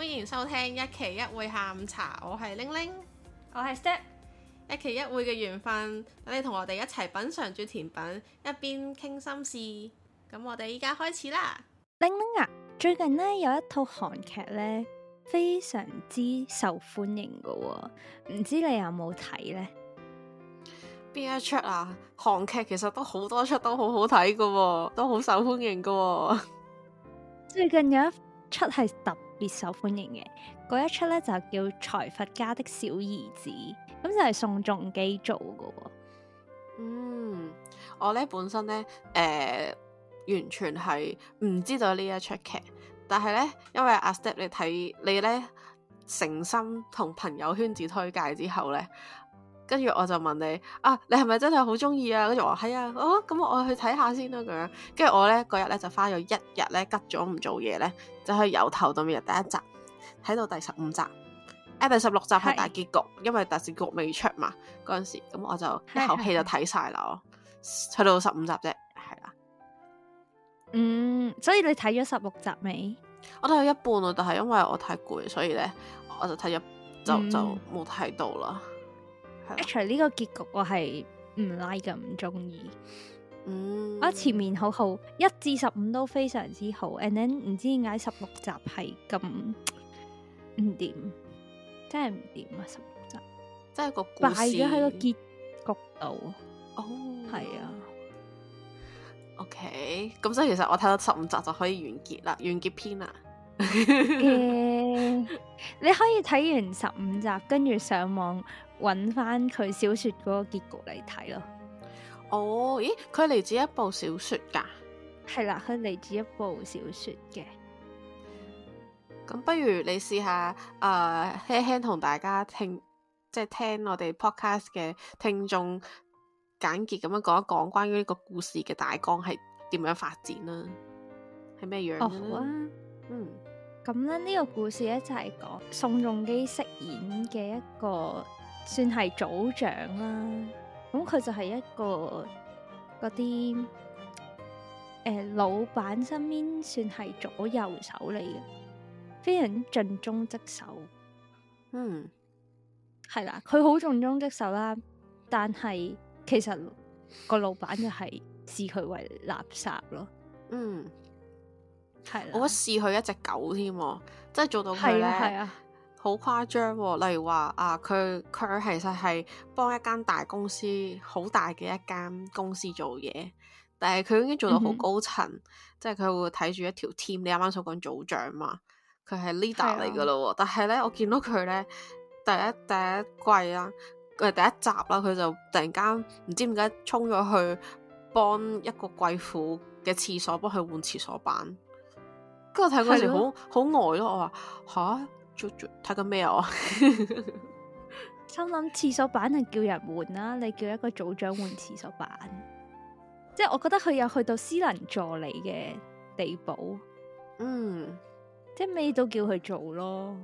歡迎收聽一期一會下午茶，我係玲玲，我係 Step，一期一會嘅緣分，等你同我哋一齊品嘗住甜品，一邊傾心事。咁我哋依家開始啦。玲玲啊，最近呢有一套韓劇呢，非常之受歡迎噶喎，唔知你有冇睇呢？邊一出啊？韓劇其實都好多出都好好睇噶，都好受歡迎噶喎。最近有一出係。最受歡迎嘅嗰一出咧，就叫《財閥家的小兒子》，咁就係宋仲基做嘅。嗯，我咧本身咧，誒、呃，完全係唔知道呢一出劇，但係咧，因為阿 Step 你睇你咧誠心同朋友圈子推介之後咧，跟住我就問你啊，你係咪真係好中意啊？跟住我話係啊，哦，咁我去睇下先啦咁樣。跟住我咧嗰日咧就花咗一日咧，吉咗唔做嘢咧，就去由頭到尾第一集睇到第十五集，誒、哎，第十六集係大結局，是結局，因為大結局未出嘛，嗰陣時咁我就一口氣就睇晒啦，去到十五集啫，係啦。嗯，所以你睇咗十六集未？我都有一半咯，但係因為我太攰，所以咧我就睇咗，就就冇睇到啦。Actually, 呢個結局我係唔 like 唔中意，嗯，我前面好好一至十五都非常之好，and then 唔知點解十六集係咁唔掂，真係唔掂啊！十六集，即係個敗咗喺個結局度，哦，係啊，OK，咁即係其實我睇到十五集就可以完結啦，完結篇啦， okay, 你可以睇完十五集跟住上網。揾翻佢小説嗰個結局嚟睇咯。哦，咦，佢嚟自一部小説㗎？係啦，佢嚟自一部小説嘅。咁不如你試下誒輕輕同大家聽，即係聽我哋 podcast 嘅聽眾簡潔咁樣講一講關於呢個故事嘅大綱係點樣發展啦、啊？係咩樣、哦？好啊。嗯，咁咧呢、呢個故事咧就係講宋仲基飾演嘅一個，算係組長啦、啊，咁佢就係一個嗰啲誒，老闆身邊算係左右手嚟嘅，非常盡忠職守。嗯，係啦，佢好盡忠職守啦，但係其實個老闆就係視佢為垃圾咯。嗯，係啦，我視佢一隻狗添，真係做到佢咧。好誇張喎、哦！例如話啊，佢佢其實係幫一間大公司，好大嘅一間公司做嘢，但係佢已經做到好高層，嗯、哼即係佢會睇住一條 team。你啱啱所講組長嘛，佢係 leader 嚟㗎咯。嗯、哼但係咧，我見到佢咧第一第一季啦，誒、啊、第一集啦，佢、啊、就突然間唔知點解衝咗去幫一個貴婦嘅廁所幫佢換廁所板，跟住我睇嗰時好好呆咯，我話吓？啊」睇緊咩啊？ 心諗，廁所板就叫人換啦、啊，你叫一個組長換廁所板？ 即係我覺得佢有去到私人助理嘅地步，嗯，即係咩都叫佢做咯。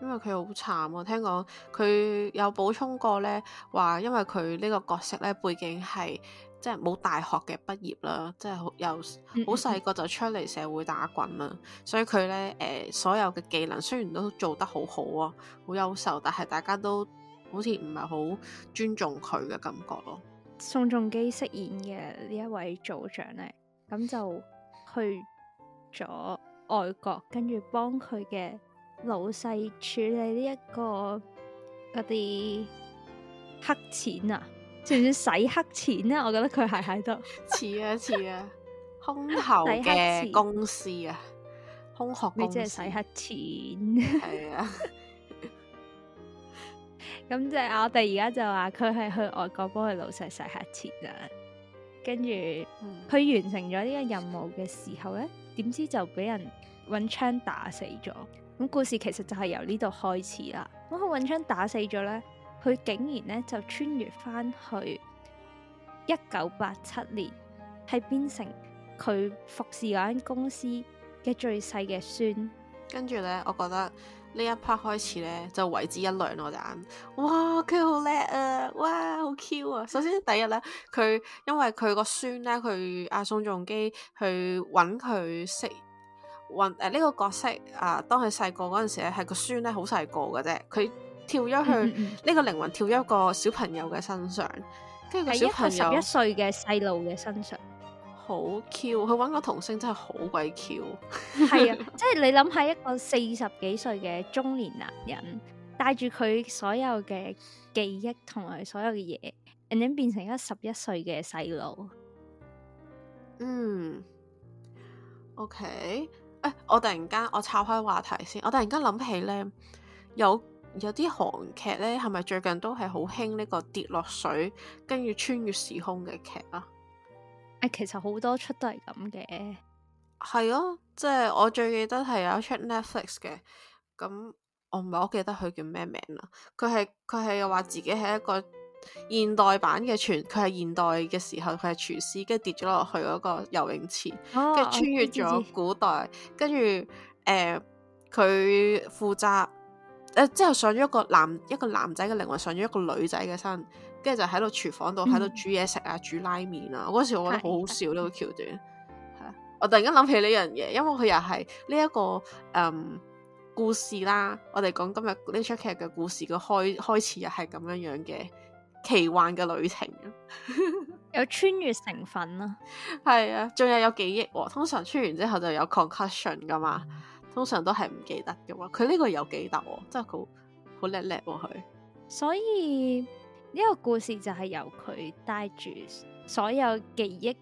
因為佢好慘啊，聽講佢有補充過咧，話因為佢呢個角色咧背景係。即係冇大學嘅畢業啦，即係好又好細個就出嚟社會打滾啦、嗯嗯呃，所以佢咧誒所有嘅技能雖然都做得好好啊，好優秀，但係大家都好似唔係好尊重佢嘅感覺咯。宋仲基飾演嘅呢一位組長咧，咁就去咗外國，跟住幫佢嘅老細處理呢、這、一個嗰啲黑錢啊，算唔算洗黑錢咧？我覺得佢係喺度，似啊似啊，空頭嘅公司啊，空殼公司洗黑錢係啊。咁即係我哋而家就話佢係去外國幫佢老細洗黑錢啦。跟住佢完成咗呢個任務嘅時候咧，點知就俾人揾槍打死咗。咁故事其實就係由呢度開始啦。咁佢揾槍打死咗咧？佢竟然咧就穿越返去一九八七年，係變成佢服侍嗰間公司嘅最細嘅孫。跟住咧，我覺得呢一 part 開始咧就為之一亮我就眼：「哇，佢好叻啊，哇，好 Q 啊！首先第一咧，佢因為佢個孫咧，佢阿、啊、宋仲基去揾佢識揾誒呢個角色啊，當佢細個嗰陣時咧，係個孫咧好細個嘅啫，佢。跳咗去呢個靈魂跳咗一個小朋友嘅身上，跟住個小朋友十一歲嘅細路嘅身上，好 Q。佢揾個童星真係好鬼 Q。係啊的， 即係你諗下，一個四十幾歲嘅中年男人，帶住佢所有嘅記憶同埋所有嘅嘢，and then 變成一個十一歲嘅細路。嗯，OK，誒、欸，我突然間我岔開話題先，我突然間諗起咧有。有啲韓劇咧，係咪最近都係好興呢個跌落水跟住穿越時空嘅劇啊？誒，其實好多出都係咁嘅，係 啊，即係我最記得係有一出 Netflix 嘅，咁我唔係好記得佢叫咩名啦。佢係佢係話自己係一個現代版嘅廚，佢係現代嘅時候佢係廚師，跟住跌咗落去嗰個游泳池，oh, 跟住穿越咗古代，can 跟住誒佢負責。誒，之後上咗一個男一個男仔嘅靈魂上咗一個女仔嘅身，跟住就喺度廚房度喺度煮嘢食啊，煮拉麵啊。我嗰時我覺得好好笑呢的個橋段。係啊的，我突然間諗起呢樣嘢，因為佢又係呢一個誒、嗯、故事啦。我哋講今日呢出劇嘅故事嘅開開始又係咁樣樣嘅奇幻嘅旅程， 有穿越成分咯。係啊，仲 有有記憶、啊。通常穿完之後就有 concussion 噶嘛。嗯通常都係唔記得嘅喎，佢呢個有記得喎，真係好好叻叻喎佢。啊、所以呢、呢個故事就係由佢帶住所有記憶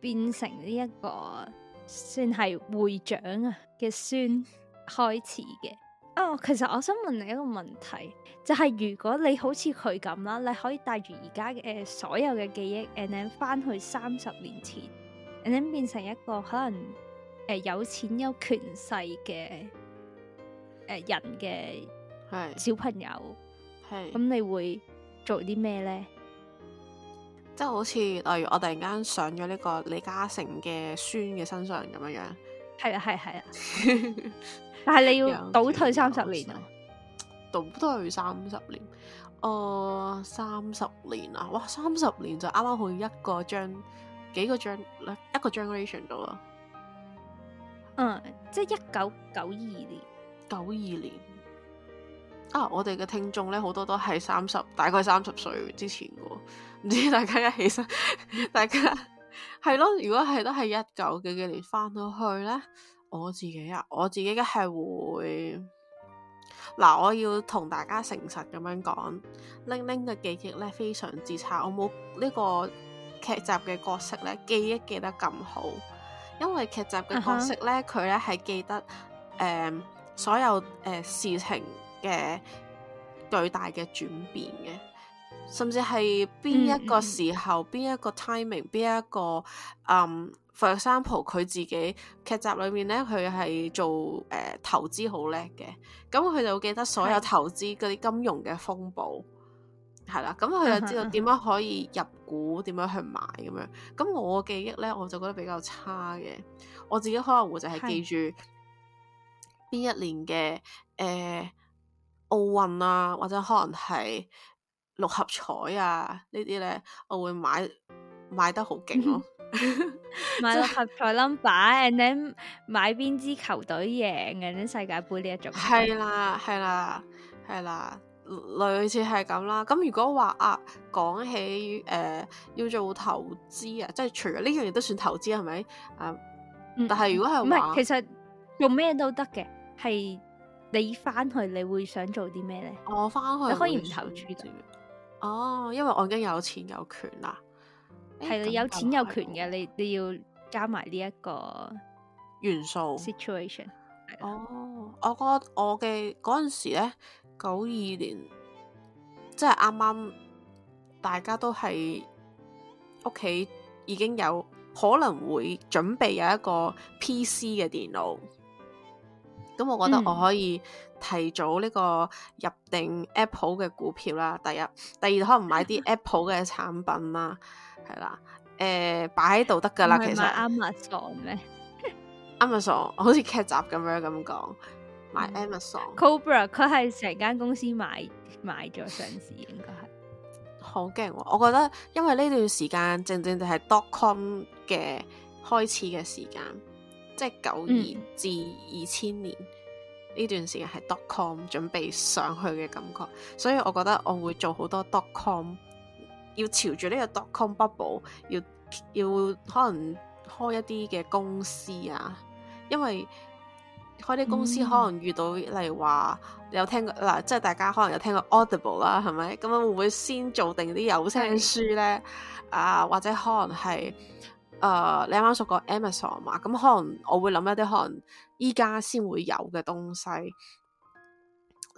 變成呢、呢、一個算係會長啊嘅孫開始嘅。哦，其實我想問你一個問題，就係、係、如果你好似佢咁啦，你可以帶住而家嘅所有嘅記憶，and then 翻去三十年前，and then 變成一個可能。誒，有錢有權勢嘅，誒、呃、人嘅小朋友，係咁的，你會做啲咩咧？即係好似例如我突然間上咗呢個李嘉誠嘅孫嘅身上咁樣樣，係啊，係係啊， 但係你要倒退三十年，啊，倒退三十年，哦、呃，三十年啊，哇，三十年，年就啱啱好一個張幾個張一個 generation 度啦。嗯，即係一九九二年，九二年啊！我哋嘅聽眾咧，好多都係三十，大概三十歲之前嘅，唔知大家一起身， 大家係咯， 如果係都係一九幾幾年翻到去咧，我自己啊，我自己梗係會嗱，我要同大家誠實咁樣講，玲玲嘅記憶咧非常之差，我冇呢個劇集嘅角色咧記憶記得咁好。因為劇集嘅角色咧，佢咧係記得誒、呃、所有誒、呃、事情嘅巨大嘅轉變嘅，甚至係邊一個時候，邊、嗯嗯、一個 timing，邊一個嗯 for example，佢自己劇集裏面咧，佢係做誒、呃、投資好叻嘅，咁佢就會記得所有投資嗰啲金融嘅風暴。係啦，咁佢就知道點樣可以入股，點、uh huh. 樣去買咁樣。咁我嘅記憶咧，我就覺得比較差嘅。我自己可能會就係記住邊是一年嘅誒、呃、奧運啊，或者可能係六合彩啊呢啲咧，我會買買得好勁咯。 買六合彩 number，and、 就是、then 買邊支球隊贏嘅啲世界盃呢一種。係啦，係啦，係啦。類似係咁啦，咁如果話啊，講起誒、呃、要做投資啊，即係除咗呢樣嘢都算投資係咪？啊，呃嗯、但係如果係唔係其實用咩都得嘅，係你翻去你會想做啲咩咧？我翻去你可以唔投注哦，因為我已經有錢有權啦，係有錢有權嘅，你你要加埋呢一個元素 Situation。哦，我覺得我嘅嗰陣時咧。九二年，即係啱啱大家都係屋企已經有可能會準備有一個 PC 嘅電腦，咁我覺得我可以提早呢個入定 Apple 嘅股票啦。嗯、第一、第二可能買啲 Apple 嘅產品啦，係 啦，誒擺喺度得噶啦。其實啱唔啱講咧？啱唔啱？傻，好似劇集咁樣咁講。買 Amazon，Cobra、嗯、佢係成間公司買買咗上市，應該係好勁，哦。我覺得因為呢段時間正正就係 dotcom 嘅開始嘅時間，即係九二至二千年呢、嗯、段時間係 dotcom 準備上去嘅感覺，所以我覺得我會做好多 dotcom 要朝住呢、呢個 dotcom bubble，要要可能開一啲嘅公司啊，因為。開啲公司可能遇到，例如話你有聽過嗱、呃，即係大家可能有聽過 Audible 啦，係咪？咁樣會唔會先做定啲有聲書咧？ 啊，或者可能係誒、呃，你啱啱熟過 Amazon 啊嘛？咁、嗯、可能我會諗一啲可能依家先會有嘅東西，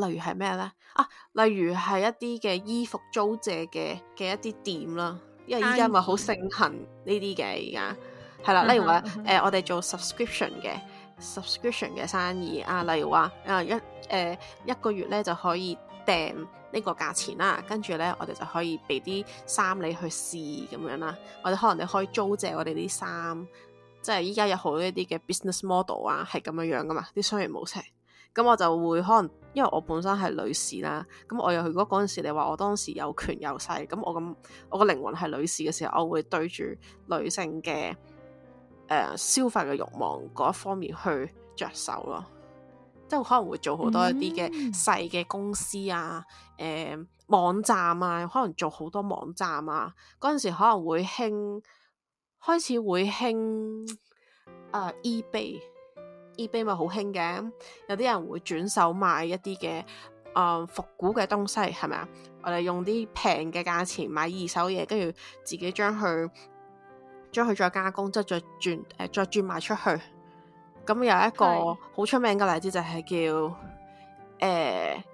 例如係咩咧？啊，例如係一啲嘅衣服租借嘅嘅一啲店啦，因為依家咪好盛行呢啲嘅，而家係啦。例如話誒、 呃，我哋做 subscription 嘅。subscription 嘅生意啊，例如話啊一誒、呃、一個月咧就可以訂呢個價錢啦，跟住咧我哋就可以俾啲衫你去試咁樣啦，或者可能你可以租借我哋啲衫，即係依家有好多一啲嘅 business model 啊，係咁樣樣㗎嘛，啲商業模式，咁、嗯、我就會可能因為我本身係女士啦，咁、嗯、我又如果嗰陣時你話我當時有權有勢，咁、嗯、我咁我個靈魂係女士嘅時候，我會對住女性嘅。呃、消費嘅慾望嗰一方面去着手咯，即係可能會做好多一啲嘅細嘅公司啊，誒、呃、網站啊，可能做好多網站啊。嗰陣時可能會興，開始會興、呃、eBay，eBay 咪好興嘅。有啲人會轉手買一啲嘅誒復古嘅東西，係咪啊？我哋用啲平嘅價錢買二手嘢，跟住自己將佢。將佢再加工，即係再轉，誒、呃，再轉賣出去。咁有一個好出名嘅例子就係叫，誒、呃、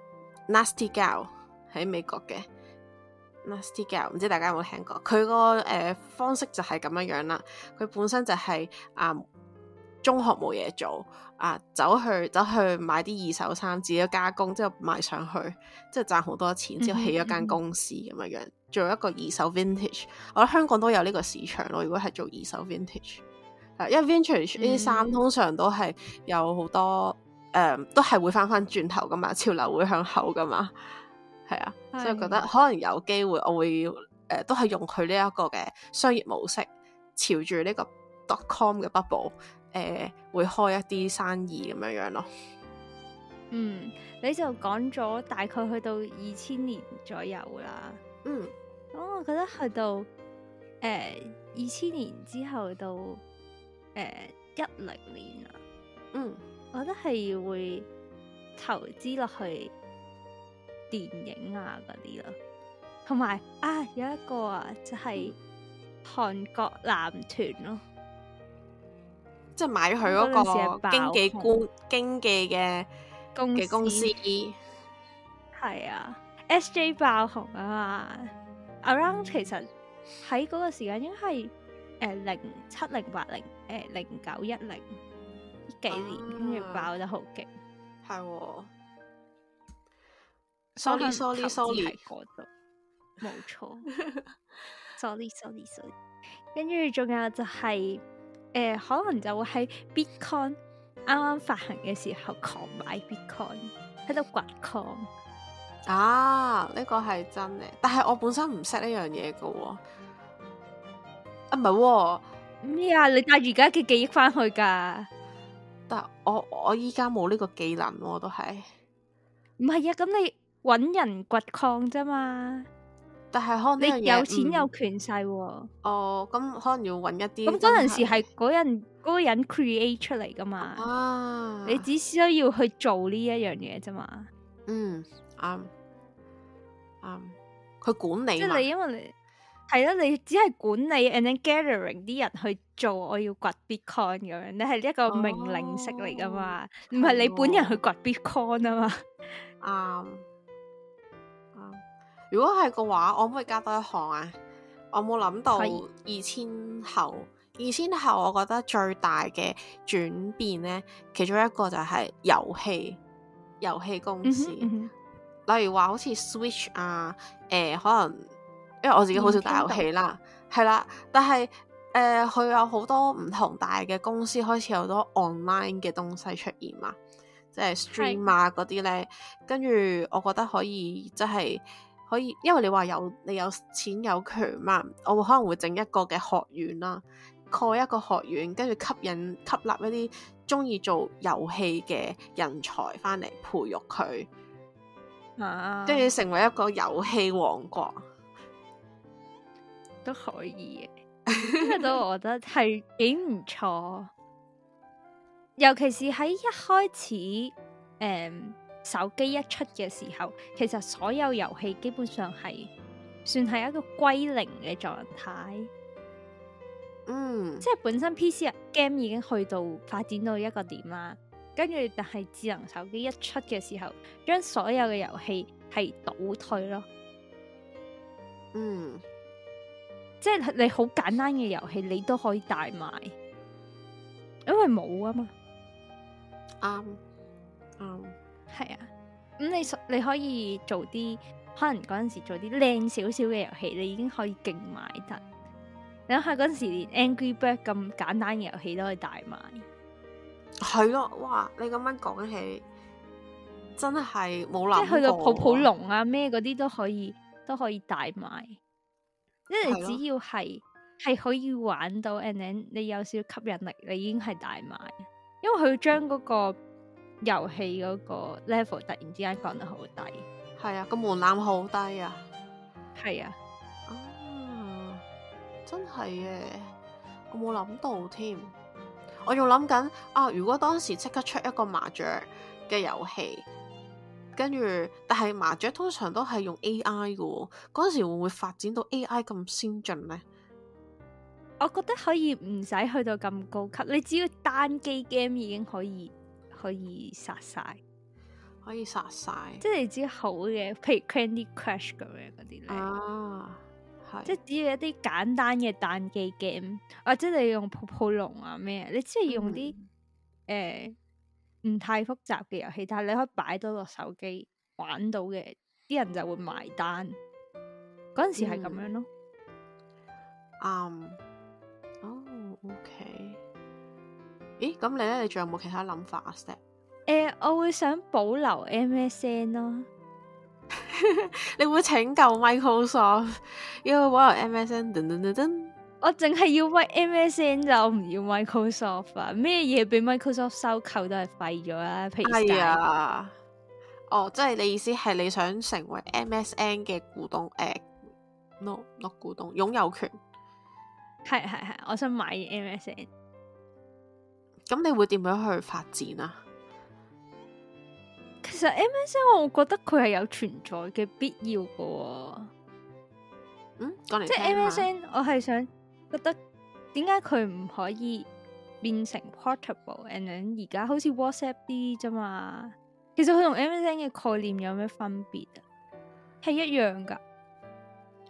，Nasty Gal 喺美國嘅 Nasty Gal，唔知大家有冇聽過？佢個誒方式就係咁樣樣啦。佢本身就係、是、啊。嗯中學冇嘢做啊，走去走去買啲二手衫，自己加工之後賣上去，即係賺好多錢。之後起咗間公司咁、嗯嗯嗯、樣樣做一個二手 vintage。我覺得香港都有呢個市場咯。如果係做二手 vintage，啊、因為 vintage 呢啲衫、嗯嗯、通常都係有好多誒、呃，都係會翻翻轉頭噶嘛，潮流會向後噶嘛，係啊。是的 所以我覺得可能有機會，我會誒、呃、都係用佢呢一個嘅商業模式，朝住呢、這個 dot com 嘅 bubble。誒，會開一啲生意咁樣樣咯。嗯，你就講咗大概去到二千年左右啦。嗯，咁我覺得去到誒二千年之後到誒一零年啊。嗯，我覺得係會投資落去電影啊嗰啲咯，同埋啊有一個啊就係韓國男團咯。即係買佢嗰個經紀官，經紀嘅嘅公司。係啊，SJ 爆紅啊嘛，Around 其實喺嗰個時間應該係誒零七零八零誒零九一零幾年，跟住爆得好勁，係，sorry sorry sorry，喺嗰度，冇錯，sorry sorry sorry，跟住仲有就係。誒、呃，可能就會喺 Bitcoin 啱啱發行嘅時候狂買 Bitcoin，喺度掘礦啊、這個哦。啊，呢個係真嘅，但係我本身唔識呢樣嘢㗎喎。啊，唔係，咩啊？你帶住而家嘅記憶返去㗎？但我我依家冇呢個技能喎、哦，我都係。唔係啊，咁你搵人掘礦啫嘛。但係可能你有錢有權勢喎、啊。哦，咁可能要揾一啲。咁嗰陣時係嗰人嗰個人 create 出嚟噶嘛？啊！你只需要去做呢一樣嘢啫嘛。嗯，啱啱。佢管理，即係你因為你係啦，你只係管理 and gathering 啲人去做我要掘 Bitcoin 咁樣，你係一個命令式嚟噶嘛？唔係你本人去掘 Bitcoin 啊嘛？啱、嗯。嗯嗯如果係嘅話，可唔可以加多一行啊？我冇諗到二千後，二千是後我覺得最大嘅轉變呢，其中一個就係遊戲遊戲公司，嗯嗯、例如話好似 Switch 啊，誒、呃，可能因為我自己好少打遊戲啦，係啦，但係誒，佢、呃、有好多唔同大嘅公司開始有好多 online 嘅東西出現嘛，即係 stream 啊嗰啲呢。的跟住我覺得可以即係。可以，因為你話有你有錢有權嘛，我會可能會整一個嘅學院啦，蓋一個學院，跟住吸引吸納一啲鍾意做遊戲嘅人才返嚟培育佢。啊，跟住成為一個遊戲王國都可以嘅， 都我覺得係幾唔錯，尤其是喺一開始，誒、um，手機一出嘅時候，其實所有遊戲基本上係算係一個歸零嘅狀態。嗯，mm. 即係本身 PC game 已經去到發展到一個點啦，跟住但係智能手機一出嘅時候，將所有嘅遊戲係倒退咯。嗯，mm. 即係你好簡單嘅遊戲，你都可以帶埋，因為冇啊嘛，啱啱。係啊，咁你你可以做啲可能嗰陣時做啲靚少少嘅遊戲，你已經可以勁賣得。你諗下嗰陣時連 Angry Bird 咁簡單嘅遊戲都可以大賣，係咯？哇！你咁樣講起真係冇難，即係去到泡泡龍啊咩嗰啲都可以，都可以大賣。因為只要係係了可以玩到，and then，你有少吸引力，你已經係大賣。因為佢將嗰個。遊戲嗰個 level 突然之間降得好低，係啊，個門檻好低啊，係啊，哦、啊，真係嘅，我冇諗到添，我仲諗緊啊，如果當時即刻出一個麻雀嘅遊戲，跟住，但係麻雀通常都係用 AI 嘅，嗰陣時會唔會發展到 AI 咁先進咧？我覺得可以唔使去到咁高級，你只要單機 game 已經可以。可以殺晒，可以殺晒，即係你知好嘅，譬如 Candy Crush 咁樣嗰啲咧。呢啊，係，即係只要一啲簡單嘅單機 game，或者你用泡泡龍啊咩，你即係用啲誒唔太複雜嘅遊戲，但係你可以擺到個手機玩到嘅，啲人就會埋單。嗰陣時係咁樣咯。啱、嗯。哦、um，oh，OK。咦，咁你咧，你仲有冇其他諗法啊？Sir，誒，我會想保留 MSN 咯、哦。 你會拯救 Microsoft？ 要保留 MSN，噔噔噔噔。我淨係要買 MSN 就唔要 Microsoft 啊！咩嘢俾 Microsoft 收購都係廢咗啦。係啊。哦，即係你意思係你想成為 MSN 嘅股東誒、呃？no，落股東擁有權。係係係，我想買 MSN。咁你會點樣去發展啊？其實 MSN 我覺得佢係有存在嘅必要噶。哦。嗯，即係 MSN 我係想覺得點解佢唔可以變成 portable？嗯，而家好似 WhatsApp 啲啫嘛？其實佢同 MSN 嘅概念有咩分別啊？係一樣噶，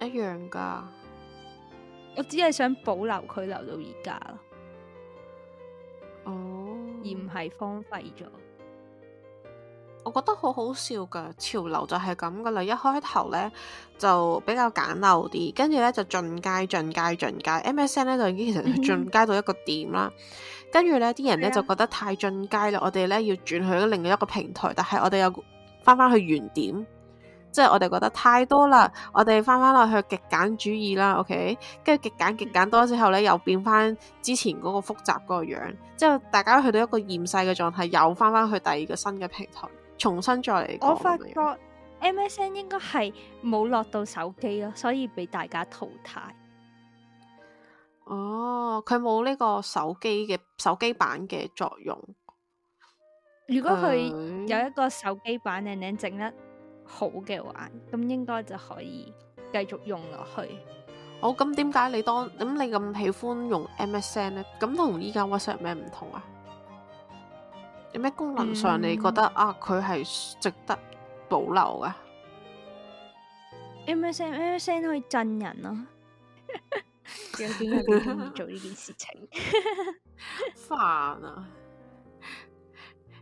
一樣噶。我只係想保留佢留到而家啦。而唔係荒廢咗，我覺得好好笑噶！潮流就係咁噶啦，一開頭呢，就比較簡陋啲，跟住呢，就進階進階進階，MSN 呢，就已經其實進階到一個點啦。跟住 呢啲人呢，就覺得太進階啦，我哋呢，要轉去另一個平台，但係我哋又翻返去原點。即係我哋覺得太多啦，我哋翻翻落去極簡主義啦，OK，跟住極簡極簡多之後咧，又變翻之前嗰個複雜嗰個樣，之後大家去到一個厭世嘅狀態，又翻翻去第二個新嘅平台，重新再嚟。我發覺 MSN 應該係冇落到手機咯，所以俾大家淘汰。哦，佢冇呢個手機嘅手機版嘅作用。如果佢有一個手機版靚靚整咧？哎好嘅話，咁應該就可以繼續用落去。好、哦，咁點解你當咁你咁喜歡用 MSN 咧？咁同依家 WhatsApp 有咩唔同啊？有咩功能上你覺得、嗯、啊，佢係值得保留噶？MSN，MSN 可以震人咯、啊。點解 你咁鍾意做呢件事情煩 啊？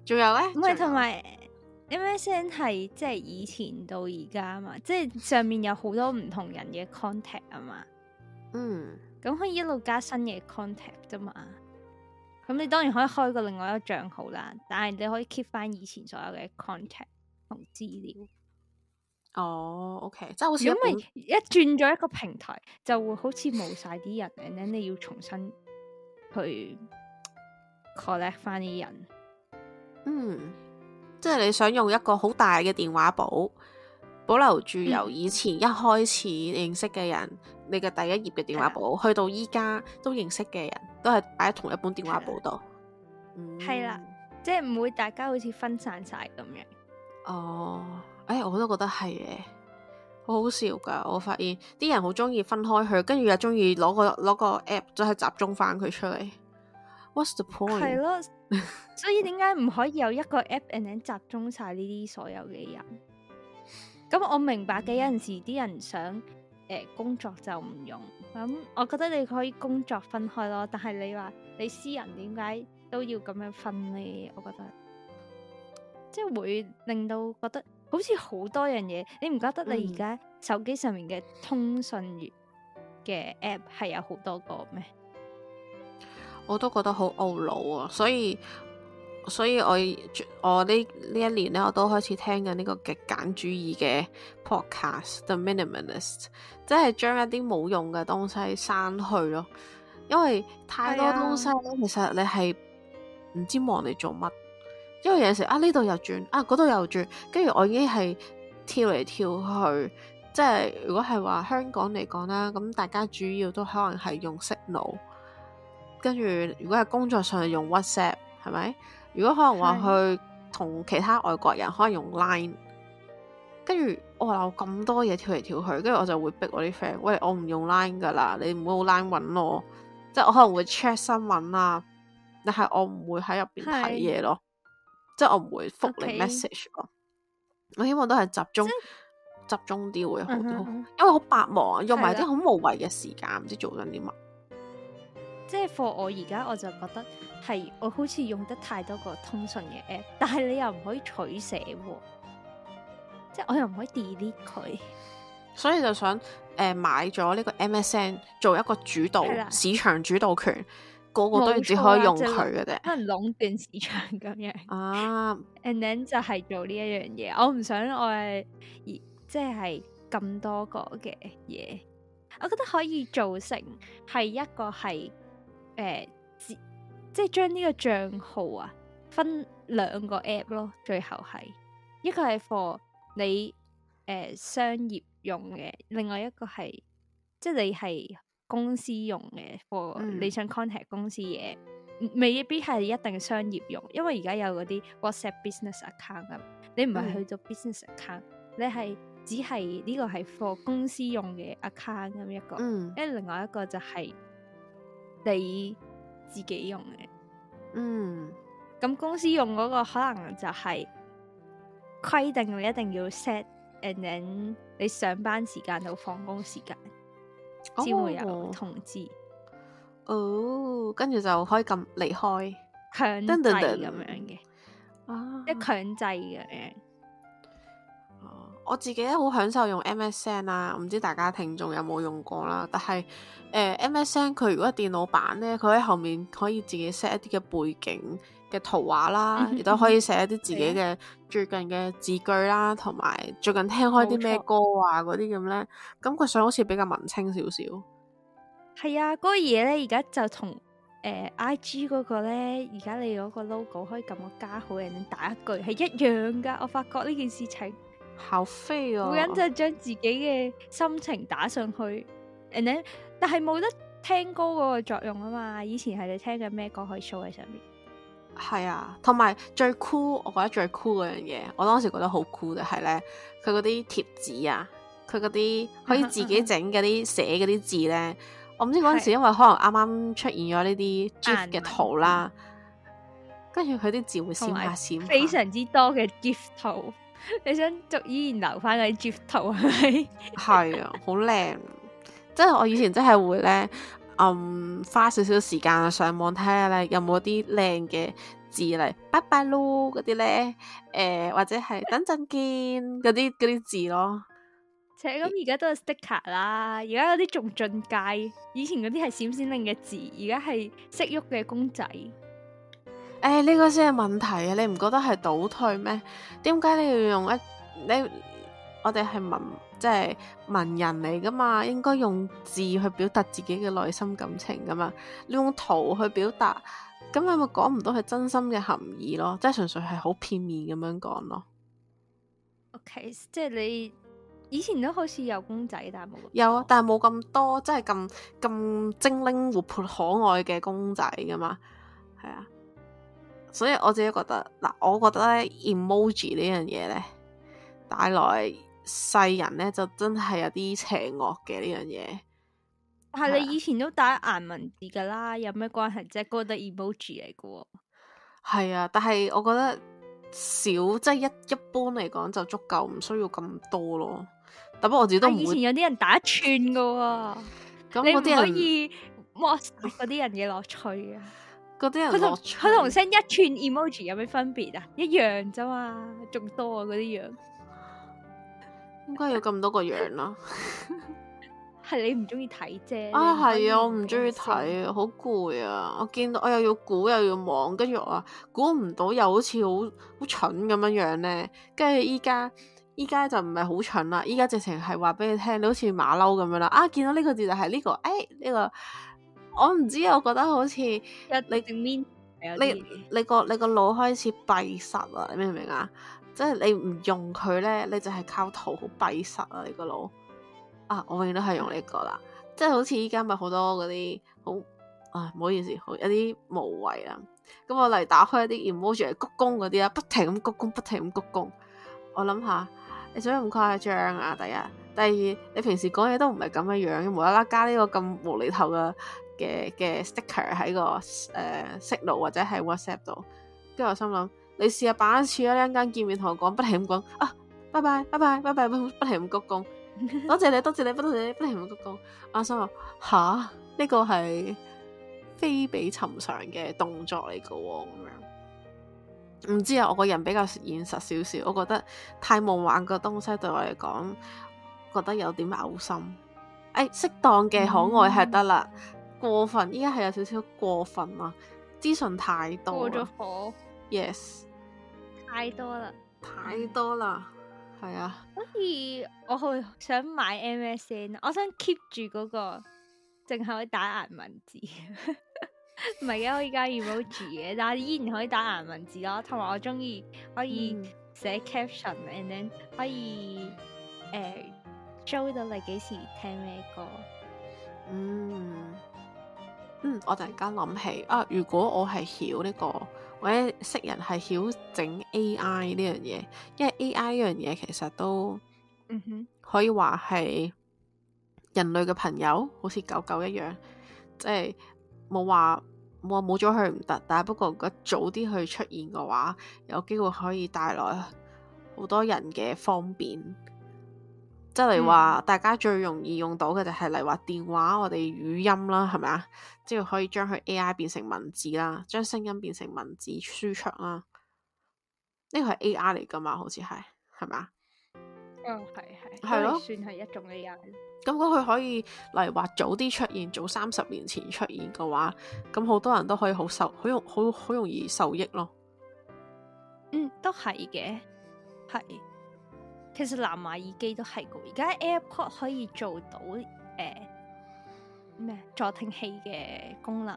仲有咧，唔係同埋。MSN 係即係以前到而家嘛，即係上面有好多唔同人嘅 contact 啊嘛，嗯，咁可以一路加新嘅 contact 啫嘛。咁你當然可以開個另外一個賬號啦，但係你可以 keep 翻以前所有嘅 contact 同資料。哦，oh，OK，即係好似如果一轉咗一個平台， 就會好似冇晒啲人咧，你要重新去 collect 翻啲人。嗯。即係你想用一個好大嘅電話簿，保留住由以前一開始認識嘅人，嗯、你嘅第一頁嘅電話簿，的去到依家都認識嘅人都係擺喺同一本電話簿度，係啦的、嗯，即係唔會大家好似分散晒咁樣。哦，誒、哎，我都覺得係嘅，好好笑㗎！我發現啲人好中意分開佢，跟住又中意攞個攞個 app 就係集中返佢出嚟。What's the point？係咯。 所以點解唔可以有一個 app，and then 集中晒呢啲所有嘅人？咁我明白嘅，有陣時啲人想誒、呃、工作就唔用，咁我覺得你可以工作分開咯。但係你話你私人點解都要咁樣分呢？我覺得即係會令到覺得好似好多樣嘢。你唔覺得你而家手機上面嘅通訊員嘅 app 係有好多個咩？我都覺得好懊惱啊，所以所以我我呢呢一年咧，我都開始聽緊呢個極簡主義嘅 podcast《The Minimalists、um》，即係將一啲冇用嘅東西刪去咯。因為太多東西咧，啊、其實你係唔知忙嚟做乜，因為有時啊呢度又轉啊嗰度又轉，跟、啊、住我已經係跳嚟跳去。即係如果係話香港嚟講啦，咁大家主要都可能係用識腦。跟住，如果係工作上用 WhatsApp，係咪？如果可能話去同其他外國人可能用 Line，跟住我話我有咁多嘢跳嚟跳去，跟住我就會逼我啲 friend，喂，我唔用 Line 噶啦，你唔好 Line 搵我。即係我可能會 check 新聞啊，但係我唔會喺入邊睇嘢咯，是即係我唔會覆你 message 咯。Okay. 我希望都係集中即集中啲會好啲，嗯、哼哼因為好白忙，用埋啲好無謂嘅時間，唔的知做緊啲乜。即係課，我而家我就覺得係我好似用得太多個通訊嘅 app，但係你又唔可以取捨，即係我又唔可以 delete 佢。所以就想誒、呃、買咗呢個 MSN 做一個主導啦市場主導權，個、那個都唔只可以用佢嘅啫，啊就是、可能壟斷市場咁樣。啱、啊、 ，And then 就係做呢一樣嘢，我唔想我而、呃、即係咁多個嘅嘢，我覺得可以做成係一個係。誒、呃，即即係將呢個賬號啊，分兩個 app 咯。最後係一個係 for 你誒、呃、商業用嘅，另外一個係即係你係公司用嘅，for 你想 contact 公司嘢，未必係一定商業用。因為而家有嗰啲 WhatsApp Business Account 咁，你唔係去做 Business Account，你係只係呢、這個係 for 公司用嘅 account 咁一個，跟住、嗯、另外一個就係、是。你自己用嘅，嗯，咁公司用嗰個可能就係規定你一定要 set and then 你上班時間到放工時間先會有通知。哦，哦，跟住就可以咁離開，強制咁樣嘅，啊，一強制嘅。我自己咧好享受用 MSN 啊。唔知大家聽眾有冇用過啦。但係誒、呃、，MSN 佢如果係電腦版咧，佢喺後面可以自己 set 一啲嘅背景嘅圖畫啦，亦都 可以寫一啲自己嘅最近嘅字句啦，同埋 最近聽開啲咩歌啊嗰啲咁咧。感覺上好似比較文青少少。係啊，嗰、那個嘢咧而家就同誒、呃、I G 嗰個咧，而家你嗰個 logo 可以撳我加好友打一句係一樣噶。我發覺呢件事情。好飛啊、哦！每人就將自己嘅心情打上去 and 咧，then, 但係冇得聽歌嗰個作用啊嘛。以前係你聽嘅咩歌可以 show 喺上面？係啊，同埋最 cool，我覺得最 cool 嗰樣嘢，我當時覺得好 cool 就係咧，佢嗰啲貼紙啊，佢嗰啲可以自己整嗰啲寫嗰啲字咧，uh huh, uh huh. 我唔知嗰陣時是因為可能啱啱出現咗呢啲 gif 嘅圖啦，uh huh. 跟住佢啲字會閃下閃，非常之多嘅 gift 圖。你想逐依然留翻嗰啲 gif 圖係咪？係啊是，好靚， 即係我以前真係會咧，暗、嗯、花少少時間上網睇下咧，有冇啲靚嘅字嚟，拜拜咯嗰啲咧，誒、呃、或者係等陣見嗰啲啲字咯。且咁而家都有 sticker 啦，而家嗰啲仲進階，以前嗰啲係閃閃令嘅字，而家係識喐嘅公仔。誒，呢個先係問題啊！你唔覺得係倒退咩？點解你要用一你我哋係文即係文人嚟噶嘛？應該用字去表達自己嘅內心感情噶嘛？你用圖去表達，咁你咪講唔到係真心嘅含義咯？即係純粹係好片面咁樣講咯。OK，即係你以前都好似有公仔，但係冇有啊？但係冇咁多，即係咁咁精靈活潑可愛嘅公仔噶嘛？係啊。所以我自己覺得嗱，我覺得 emoji 呢樣嘢咧，帶來世人咧就真係有啲邪惡嘅呢樣嘢。但係你以前都打顏文字噶啦，有咩關係？即係覺得 emoji 嚟嘅喎。係啊，但係我覺得少，即係一一般嚟講就足夠，唔需要咁多咯。但不過，我自己都唔會。以前有啲人打一串嘅喎，你唔可以剝嗰啲人嘅樂趣啊！ 佢同佢同 send 一串 emoji 有咩分別啊？一樣啫嘛，仲多嗰、啊、啲樣，應該有咁多個樣咯。係你唔中意睇啫。啊，係啊，我唔中意睇，好攰啊！我見到我又要估又要望，跟住我估唔到，又好似好好蠢咁樣樣咧。跟住依家依家就唔係好蠢啦，依家直情係話俾你聽，你好似馬騮咁樣啦。啊，見到呢個字就係呢、個，哎，呢個。我唔知，我覺得好似你面的，你你個你個腦開始閉塞啊！你明唔明啊？即係你唔用佢咧，你就係靠圖好閉塞啊！你個腦啊，我永遠都係用呢個啦。即係好似依家咪好多嗰啲好唉，唔好意思，好有啲無謂啊！咁我嚟打開一啲 emoji 嚟鞠躬嗰啲啊，不停咁鞠躬，不停咁鞠躬。我諗下，你想咩咁誇張啊？第一、第二，你平時講嘢都唔係咁嘅樣，無啦啦加呢個咁無厘頭嘅。嘅嘅 sticker 喺個誒 signal 或者喺 WhatsApp 度，跟住我心諗， 你試下把阿柱一陣間見面同我講，不停咁講啊，拜拜拜拜拜拜，不，不停咁鞠躬，多謝你多謝你，多謝你，多謝你不停咁鞠躬。我 心話吓，呢個係非比尋常嘅動作嚟噶，啊，咁樣唔知啊，我個人比較現實少少，我覺得太夢幻嘅東西對我嚟講，覺得有點嘔心。誒、哎，適當嘅可愛係得啦。 過分，依家係有少少過分啊。資訊太多。過咗火。Yes，太多啦，太多啦，係啊。所以我會想買 MSN，我想 keep 住嗰，那個淨係可以打顏文字，唔係嘅我而家 emoji 嘅， 但係依然可以打顏文字咯。同埋我中意可以寫 caption，and、嗯、then 可以誒，知，呃、到你幾時聽咩歌。嗯。嗯，我突然間諗起啊，如果我係曉呢個，或者識人係曉整 A I 呢樣嘢，因為 A I 呢樣嘢其實都，嗯哼，可以話係人類嘅朋友，好似狗狗一樣，即係冇話冇話冇咗佢唔得，但係不過如果早啲去出現嘅話，有機會可以帶來好多人嘅方便。即係話，嗯、大家最容易用到嘅就係嚟話電話，我哋語音啦，係咪啊？即係可以將佢 A.I. 變成文字啦，將聲音變成文字書場啦。呢個係 A.I. 嚟噶嘛？好似係，係咪啊？哦，係係，係咯，算係一種 A.I. 咁，如果佢可以嚟話早啲出現，早三十年前出現嘅話，咁好多人都可以好受，好容，好好容易受益咯。嗯，都係嘅，係。其實藍牙耳機都係嘅，而家 AirPod 可以做到誒咩，呃、助聽器嘅功能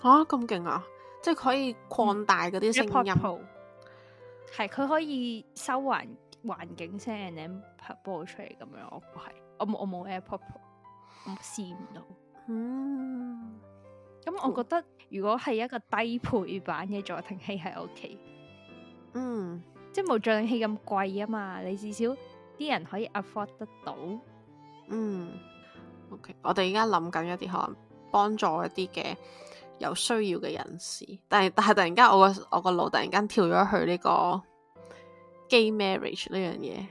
啊，咁勁啊！即係可以擴大嗰啲聲音，係佢 可以收環環境聲，然後播出嚟咁樣。我唔係，我冇我冇 AirPod，我試唔到。嗯，咁，嗯、我覺得如果係一個低配版嘅助聽器係 OK 嗯。即係冇像戲咁貴啊嘛，你至少啲人可以 afford 得到。嗯，OK，我哋而家諗緊一啲可能幫助一啲嘅有需要嘅人士，但係但係突然間我個我個腦突然間跳咗去呢、這個 gay marriage 呢樣嘢。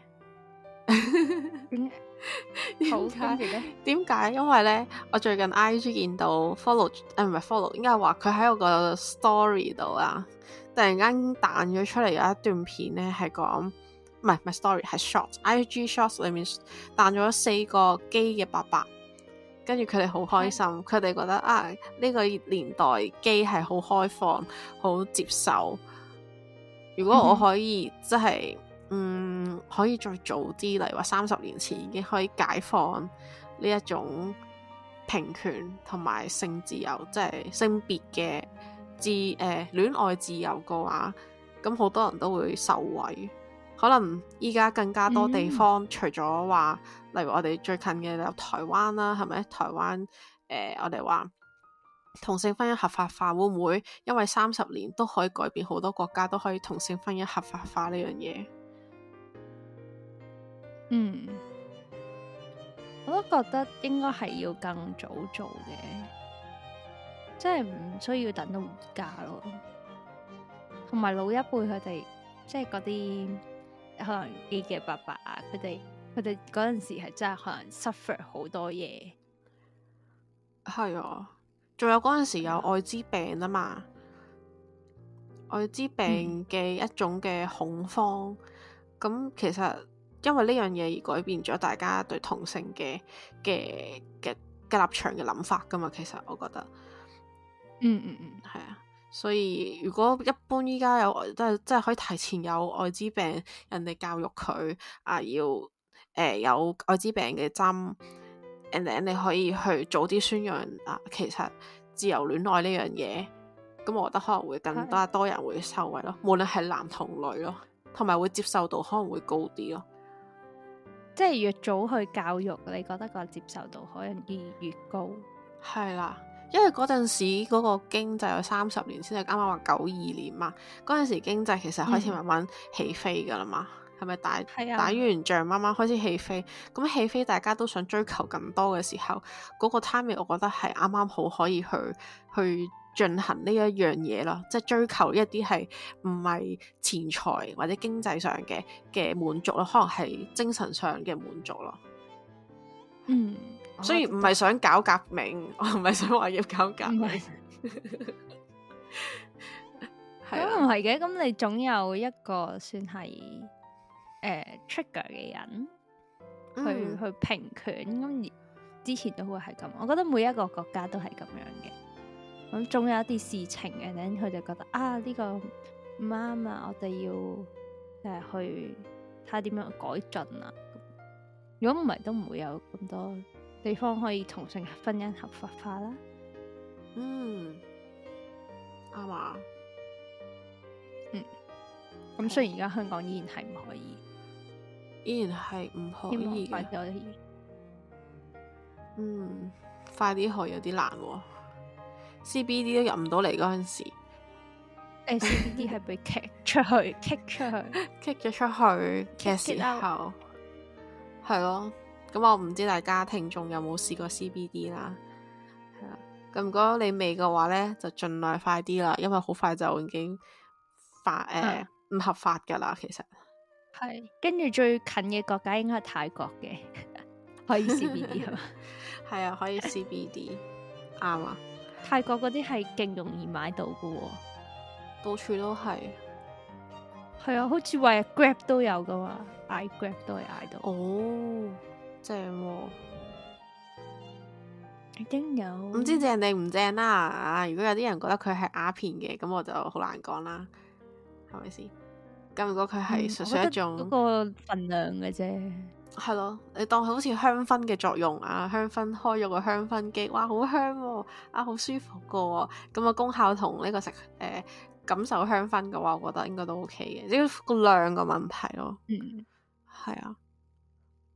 點解 麼？點解？ 因為咧，我最近 IG 見到 follow，誒、哎、唔係 follow，應該係話佢喺我個 story 度啊。突然間彈咗出嚟有一段片咧，係講唔係唔係 story 係 shot，IG shot 裏面彈咗四個機嘅爸爸，跟住佢哋好開心，佢哋、嗯、覺得啊呢、呢個年代機係好開放，好接受。如果我可以即係嗯，哼嗯，可以再早啲，例如話三十年前已經可以解放呢一種平權同埋性自由，即係性別嘅。自誒、呃、戀愛自由嘅話，咁好多人都會受惠。可能依家更加多地方，嗯、除咗話，例如我哋最近嘅台灣啦，係咪？台灣、呃、我哋話同性婚姻合法化，會唔會因為三十年都可以改變好多國家，都可以同性婚姻合法化呢樣嘢？嗯，我都覺得應該係要更早做嘅。真係唔需要等到唔家咯，同埋老一輩佢哋即係嗰啲可能爺嘅爸爸，啊，佢哋佢哋嗰陣時係真係可能 suffer 好多嘢，係啊、嗯，仲有嗰陣時有艾滋病啊嘛，艾滋病嘅一種嘅恐慌，咁、嗯、其實因為呢樣嘢而改變咗大家對同性嘅嘅嘅嘅立場嘅諗法噶嘛，其實我覺得。嗯嗯嗯，係啊，所以如果一般依家有都係即係可以提前有艾滋病，人哋教育佢啊，要誒、呃、有艾滋病嘅針，and then 你可以去早啲宣揚啊，其實自由戀愛呢樣嘢，咁我覺得可能會更多多人會受惠咯，的無論係男同女咯，同埋會接受度可能會高啲咯，即係越早去教育，你覺得個接受度可能越越高，係啦。因為嗰陣時嗰個經濟有三十年先至啱啱話九二年嘛，嗰陣時經濟其實開始慢慢起飛嘅啦嘛，係咪、嗯、打的打完仗慢慢開始起飛？咁起飛大家都想追求更多嘅時候，嗰、嗰個 timing 我覺得係啱啱好可以去去進行呢一樣嘢咯，即係追求一啲係唔係錢財或者經濟上嘅嘅滿足咯，可能係精神上嘅滿足咯。嗯。以所以唔係想搞革命，我唔係想話要搞革命。咁唔係嘅，咁、 啊、你總有一個算係誒、呃、trigger 嘅人去、嗯、去平權，咁而之前都會係咁。我覺得每一個國家都係咁樣嘅。咁總有一啲事情嘅，咁佢就覺得啊呢個唔啱啊，這個、我哋要誒去睇下點樣改進啊。如果唔係，都唔會有咁多。地方可以同性婚姻合法化啦，嗯，啱啊，咁、嗯、雖然而家香港依然係唔可以，依然係唔可以嗯，快啲去有啲難喎、哦、CBD 都入唔到嚟嗰陣時，誒，CBD 係被踢出去，kick 出去，kick 咗出去嘅時候，係 it 咯。咁我唔知大家聽眾有冇試過 CBD 啦，係啦、啊。咁如果你未嘅話咧，就盡量快啲啦，因為好快就已經發誒唔合法噶啦。其實係跟住最近嘅國家應該係泰國嘅，可以 CBD 係嘛？係啊，可以 CBD，啱 啊。泰國嗰啲係勁容易買到噶、哦，到處都係。係啊，好似話 Grab 都有噶嘛，嗌 Grab 都係嗌到哦。Oh. 正喎，哦，已經有唔知正定唔正啦啊！如果有啲人覺得佢係鴉片嘅，咁我就好難講啦，係咪先？咁、嗯、如果佢係純粹一種嗰個份量嘅啫，係咯，你當好似香薰嘅作用啊，香薰開咗個香薰機，哇，好香啊，好、啊、舒服個，咁啊，那個、功效同呢個食誒、呃、感受香薰嘅話，我覺得應該都 OK 嘅，只要個量個問題咯。係啊、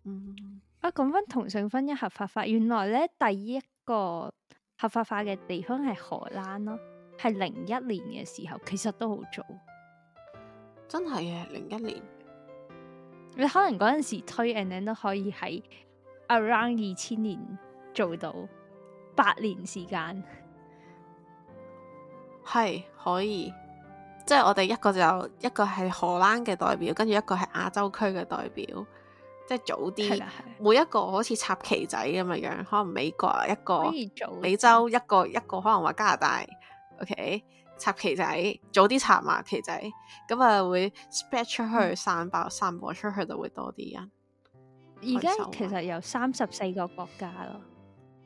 嗯，的講翻同性婚姻合法化，原來咧第一個合法化嘅地方係荷蘭咯，係零一年嘅時候，其實都好早。真係嘅，零一年。你可能嗰陣時推 Nand 都可以喺 around 二千年做到，八年時間係可以。即係我哋一個就一個係荷蘭嘅代表，跟住一個係亞洲區嘅代表。即係早啲，每一個好似插旗仔咁嘅樣，可能美國一個，美洲一個，一個可能話加拿大，OK 插旗仔，早啲插埋旗仔，咁、嗯、啊、嗯、會 spread 出去，散爆散播出去就會多啲人。而家其實有三十四個國家咯，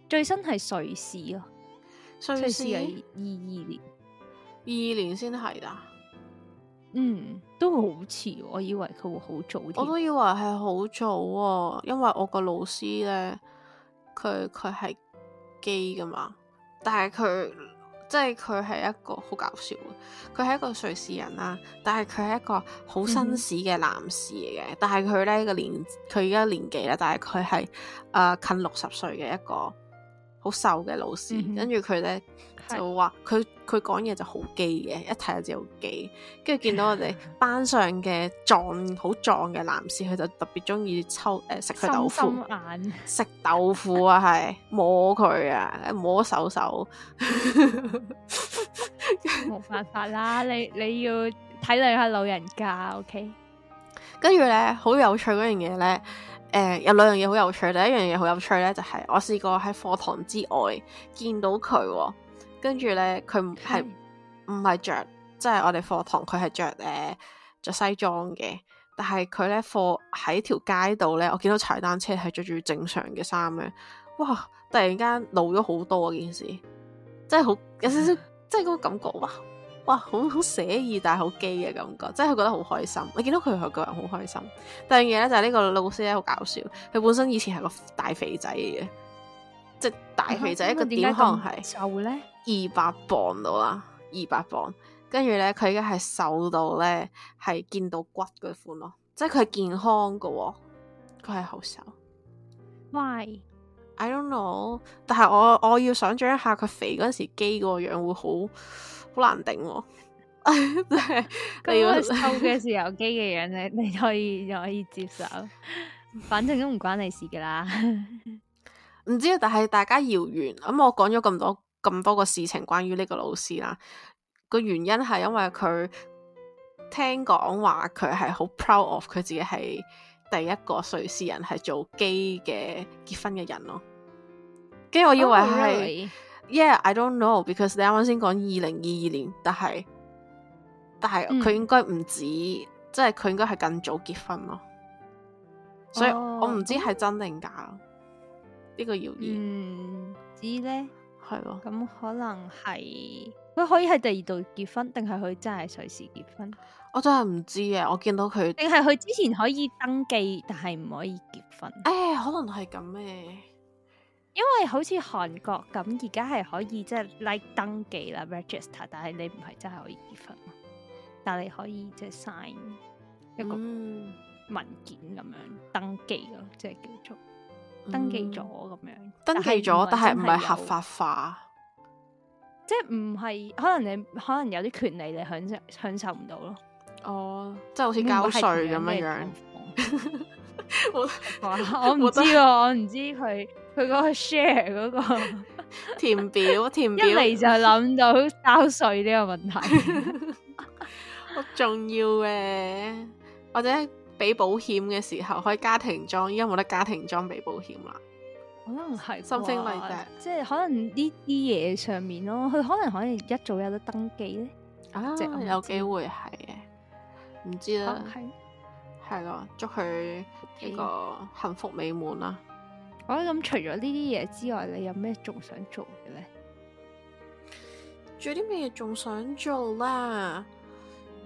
最新係瑞士咯，瑞士係二二年，二二年先係啦。嗯，都好遲，我以為佢會好早啲，我都以為係好早啊、哦，因為我個老師咧，佢佢係 gay 噶嘛，但係佢即係佢係一個好搞笑嘅，佢係一個瑞士人啦，但係佢係一個好紳士嘅男士嚟嘅、嗯，但係佢咧個年，佢而家年紀啦，但係佢係誒近六十歲嘅一個。好瘦嘅老師，跟住佢咧就是話佢佢講嘢就好基嘅，一睇就知好基。跟住見到我哋班上嘅壯好壯嘅男士，佢就特別中意抽誒食佢豆腐，食豆腐啊，係摸佢啊，摸手手，冇 辦法啦，你你要體諒下老人家，OK。跟住咧，好有趣嗰樣嘢咧。嗯誒、嗯、有兩樣嘢好有趣，第一樣嘢好有趣咧，就係、是、我試過喺課堂之外見到佢、哦，跟住咧佢唔係唔係著，即係我哋課堂佢係着誒著西裝嘅，但係佢咧課喺條街度咧，我見到踩單車係着住正常嘅衫咧，哇！突然間老咗好多、啊，件事真係好有少少，即係嗰個感覺吧。哇，好好寫意，但係好基嘅感覺，即係佢覺得好開心。你見到佢係個人好開心。第二樣嘢咧就係、是、呢個老師咧好搞笑。佢本身以前係個大肥仔嘅，即係大肥仔一個點可能係瘦咧，二百磅到啦，二百磅。跟住咧佢而家係瘦到咧係見到骨嘅款咯，即係佢係健康嘅、哦，佢係好瘦。Why? I don't know 但。但係我我要想象一下佢肥嗰陣時，基嗰個樣會好。好難頂、啊，真 係 為。嗰個臭嘅時候，機嘅樣，你你可以又可以接受， 反正都唔關你的事噶啦。唔 知啊，但係大家搖完，咁、嗯、我講咗咁多咁多個事情關於呢個老師啦。個原因係因為佢聽講話佢係好 proud of 佢自己係第一個瑞士人係做機嘅結婚嘅人咯。跟住我以為係。Oh, right. Yeah, I don't know, because 你啱啱先講二零二二年，但係但係佢應該唔止，嗯、即係佢應該係更早結婚咯，哦、所以我唔知係真定假呢、嗯、個謠言。唔、嗯、知咧，係咯的，咁可能係佢可以喺第二度結婚，定係佢真係隨時結婚？我真係唔知啊！我見到佢，定係佢之前可以登記，但係唔可以結婚。誒、哎，可能係咁嘅。因為好似韓國咁而家係可以即係、就是、like 登記啦 register，但係你唔係真係可以結婚，但係你可以即係、就是、sign 一個文件咁樣、嗯、登記咯，即係叫做登記咗咁樣。登記咗，但係唔係合法化，即係唔係可能你可能有啲權利你享受享受唔到咯。哦，即、就、係、是、好似交稅咁樣樣。樣 我 我唔 知我唔也 知佢。佢嗰個 share 嗰個填表填表，一嚟就諗到交稅呢個問題，好重要嘅。或者俾保險嘅時候，可以家庭裝，依家冇得家庭裝俾保險啦。可能係心聲密集，即係可能呢啲嘢上面咯。佢可能可以一早有得登記咧。啊，即係有機會係嘅，唔知啦，係係咯，祝佢一個幸福美滿啦。我諗、哦、除咗呢啲嘢之外，你有咩仲想做嘅咧？做啲咩嘢仲想做啦？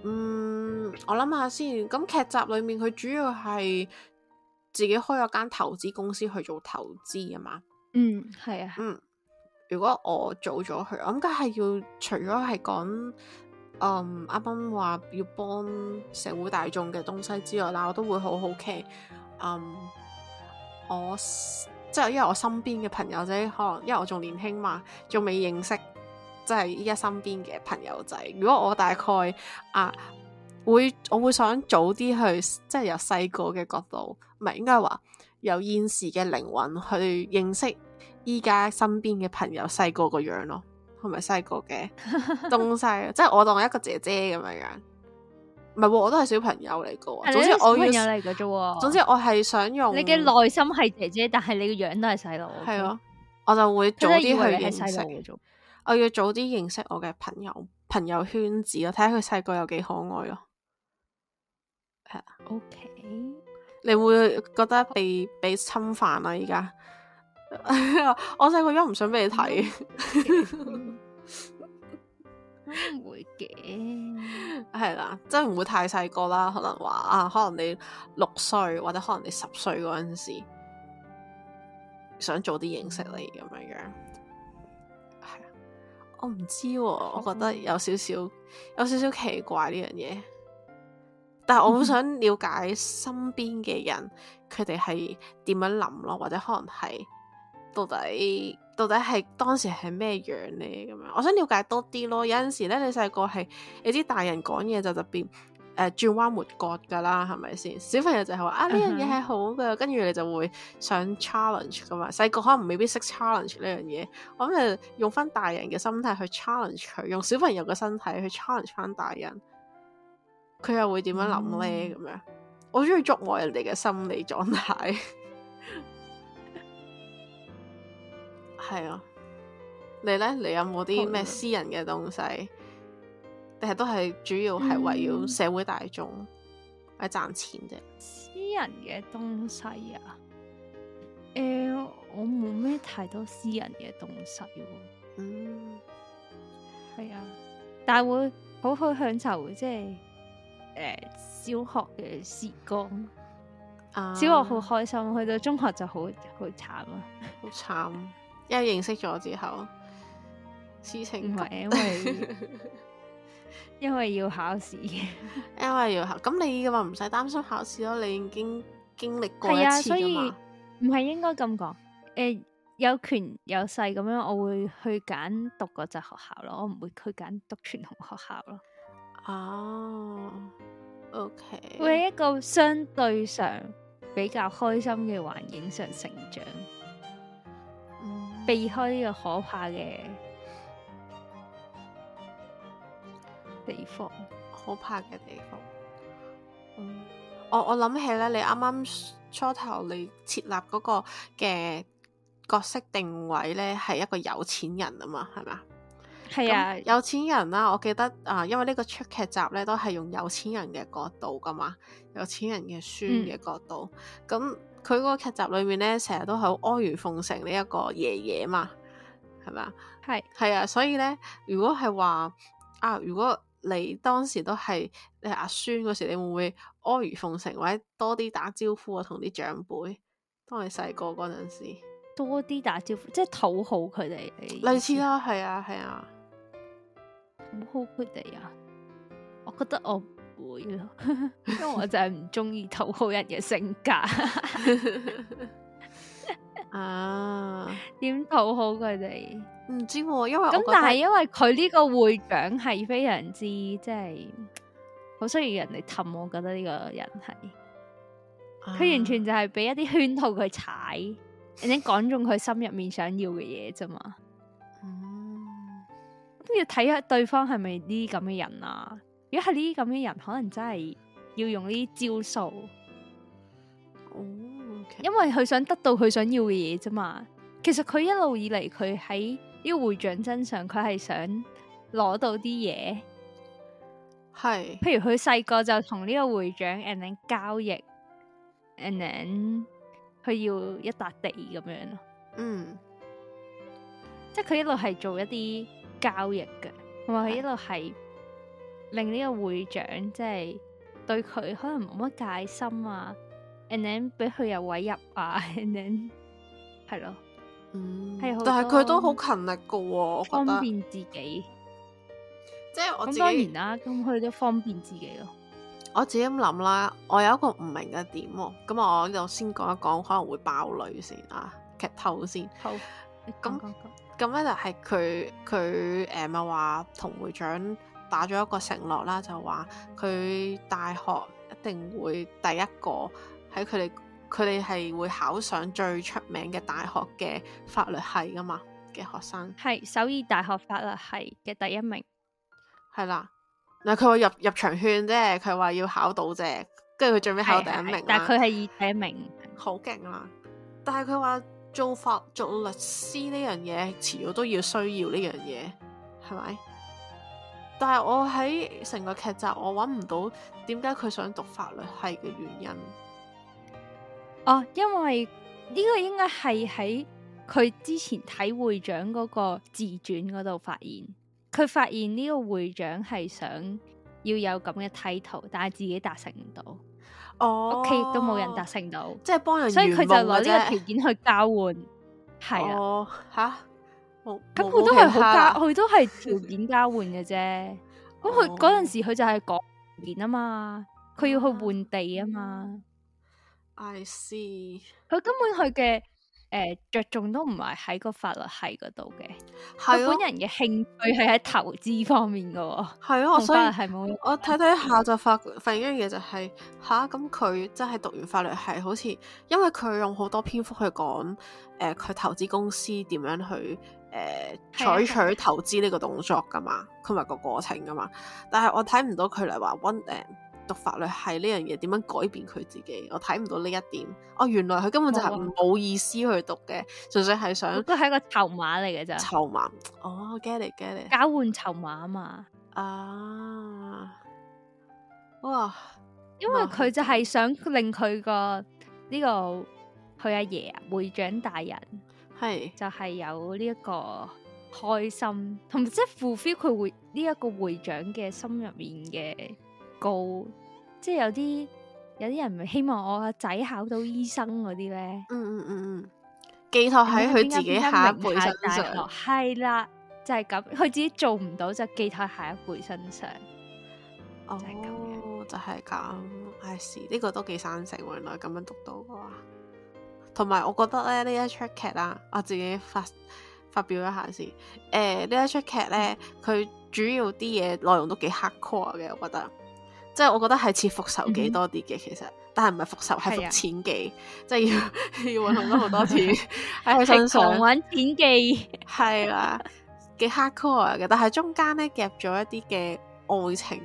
嗯，我諗下先。咁劇集裏面佢主要係自己開咗間投資公司去做投資啊嘛。嗯，係啊。嗯，如果我做咗佢，我諗梗係要除咗係講，嗯，阿斌話要幫社會大眾嘅東西之外啦，我都會好好奇，嗯。我即係因為我身邊嘅朋友仔，可能因為我仲年輕嘛，仲未認識，即係依家身邊嘅朋友仔。如果我大概啊，會我會想早啲去，即係由細個嘅角度，唔係應該話由現時嘅靈魂去認識依家身邊嘅朋友細個個樣咯，係咪細個嘅東西？ 即係我當我一個姐姐咁樣。唔係喎，我都係小朋友嚟噶，總之我小朋友嚟噶啫。總之我係想用你嘅內心係姐姐，但係你個樣都係細路。係，okay？啊，我就會早啲去認識。你我要早啲認識我嘅朋友朋友圈子咯，睇下佢細個有幾可愛咯，啊。係啊，OK。你會覺得被被侵犯啊。而 家我細個都唔想俾你睇。 唔 會嘅的，係啦， 真係唔會太細個啦。可能話啊，可能你六歲或者可能你十歲嗰陣時，想早啲認識你咁樣樣，係啊，我唔知啊，我覺得有少少有少少奇怪呢樣嘢，但係我好想了解身邊嘅人，佢哋係點樣諗咯，或者可能係。到底到底係當時係咩樣呢？咁樣，我想了解多啲咯。有陣時咧，你細個係你啲大人講嘢就特別誒轉彎抹角噶啦，係咪先？小朋友就係話啊呢樣嘢係好噶，跟住、嗯、哼你就會想 challenge 噶嘛。細個可能未必識 challenge 呢樣嘢，我諗用翻大人嘅心態去 challenge 佢，用小朋友嘅身體去 challenge 翻大人，佢又會點樣諗咧？咁樣、嗯、我中意捉摸人哋嘅心理狀態。 係啊，你咧，你有冇啲咩私人嘅東西？定係都係主要係圍繞社會大眾，係賺、嗯、錢啫。私人嘅東西啊，誒、uh,，我冇咩太多私人嘅東西、啊。嗯，係啊，但會好好享受即係誒小學嘅時光。啊，um, 小學好開心，去到中學就好好慘啊，好慘慘。 又認識咗之後，事情唔係因為因為要考試， 因為要考, 為要考。咁你嘅話唔使擔心考試咯，你已經經歷過一次。係啊，所以唔係應該咁講。誒、呃，有權有勢咁樣，我會去揀讀國際學校咯，我唔會去揀讀傳統學校咯。哦、啊、，OK，會喺一個相對上比較開心嘅環境上成長。避開呢個可怕嘅地方，可怕嘅地方。嗯、我我諗起咧，你啱啱初頭你設立嗰個嘅角色定位咧，係一個有錢人啊嘛，係咪啊？係啊，有錢人啦。我記得啊、呃，因為呢個出劇集咧，都係用有錢人嘅角度㗎嘛，有錢人嘅書嘅角度咁。嗯佢個劇集裏面咧，成日都係好阿諛奉承呢一個爺爺嘛，係咪啊？係係啊，所以咧，如果係話啊，如果你當時都係你阿孫嗰時，你會唔會阿諛奉承或者多啲打招呼啊，同啲長輩？當你細個嗰陣時，多啲打招呼，即係討好佢哋。你類似啦，係啊，係啊，討好佢哋啊！我覺得我。會咯，因為我就係唔中意討好人嘅性格啊。點討好佢哋？唔知，因為咁但係因為佢呢個會長係非常之即係好需要人哋氹，我覺得呢個人係佢、啊、完全就係俾一啲圈套佢踩，人哋講中佢心入面想要嘅嘢啫嘛。嗯，都要睇下對方係咪啲咁嘅人啊。如果係呢啲咁嘅人，可能真係要用呢啲招數。Okay. 因為佢想得到佢想要嘅嘢啫嘛。其實佢一路以嚟，佢喺呢個會長身上，佢係想攞到啲嘢，係是，譬如佢細個就同呢個會長 and then 交易，and then 佢要一笪地咁樣咯，嗯，即係佢一路係做一啲交易嘅，同埋佢一路係。令呢個會長即係、就是、對佢可能冇乜戒心啊，and then 俾佢有位入啊，and then 係咯，嗯，但係佢都好勤力噶，方便自己，即係、哦、我咁當然啦，咁佢都方便自己咯。我自己咁諗、啊、啦，我有一個唔明嘅點、啊，咁我就先講一講，可能會爆雷先啊，劇透先。好，咁咁咧就係佢佢誒咪話同會長。打咗一個承諾啦，就話佢大學一定會第一個喺佢哋，佢哋係會考上最出名嘅大學嘅法律系噶嘛嘅學生，係首爾大學法律系嘅第一名，係啦，嗱佢話入入場券啫，佢話要考到啫，跟住佢最尾考第一名，但係佢係以第一名，好勁啦，但係佢話做法做律師呢樣嘢，遲早都要需要呢樣嘢，係咪？但係我喺成個劇集，我揾唔到點解佢想讀法律系嘅原因。哦，因為呢個應該係喺佢之前睇會長嗰個自傳嗰度發現，佢發現呢個會長係想要有咁嘅 title，但係自己達成唔到。哦，屋企亦都冇人達成到，即係幫人，所以佢就攞呢個條件去交換，係啊吓。了咁佢都係好交，佢都係條件交換嘅啫。咁佢嗰陣時佢就係港元啊嘛，佢、oh. 要去換地啊嘛。I see。佢根本佢嘅誒着重都唔係喺個法律系嗰度嘅，佢、啊、本人嘅興趣係喺投資方面噶。啊、係我所以係冇。我睇睇下就發覺，發現一樣嘢就係吓咁。佢真係讀完法律系，好似因為佢用好多篇幅去講誒，佢、呃、投資公司點樣去。誒，採取投資呢個動作噶嘛，佢咪個過程噶嘛？但係我睇唔到佢嚟話溫誒讀法律系呢樣嘢點樣改變佢自己，我睇唔到呢一點。哦，原來佢根本就係冇意思去讀嘅，純粹係想。都係一個籌碼嚟嘅咋？籌碼哦，get it get it 交換籌碼嘛？啊，uh, 哇！因為佢就係想令佢、這個呢哇、這個佢阿爺會長大人。係是就係有呢一個開心，同即係 fulfill 佢會呢一、這個會長嘅心入面嘅 goal，即係有啲有啲人唔希望我個仔考到醫生嗰啲咧。嗯嗯嗯嗯，寄託喺佢自己下一輩身上，係啦就係、是、咁，佢自己做唔到就寄託喺下一輩身上。哦、就是，oh, 就係咁，係是呢個都幾生性，原來咁樣讀到嘅噶。同埋，我覺得咧呢一出劇啦、啊，我自己發發表一下先。誒、欸、呢一出劇咧，佢主要啲嘢內容都幾黑 core 嘅，我覺得。即係我覺得係似復仇記多啲嘅，嗯、其實，但係唔係復仇，係復錢記，啊、即係要，要要好多好多錢。平常揾錢記，係啦，幾黑 core 嘅，但係中間咧夾咗一啲嘅愛情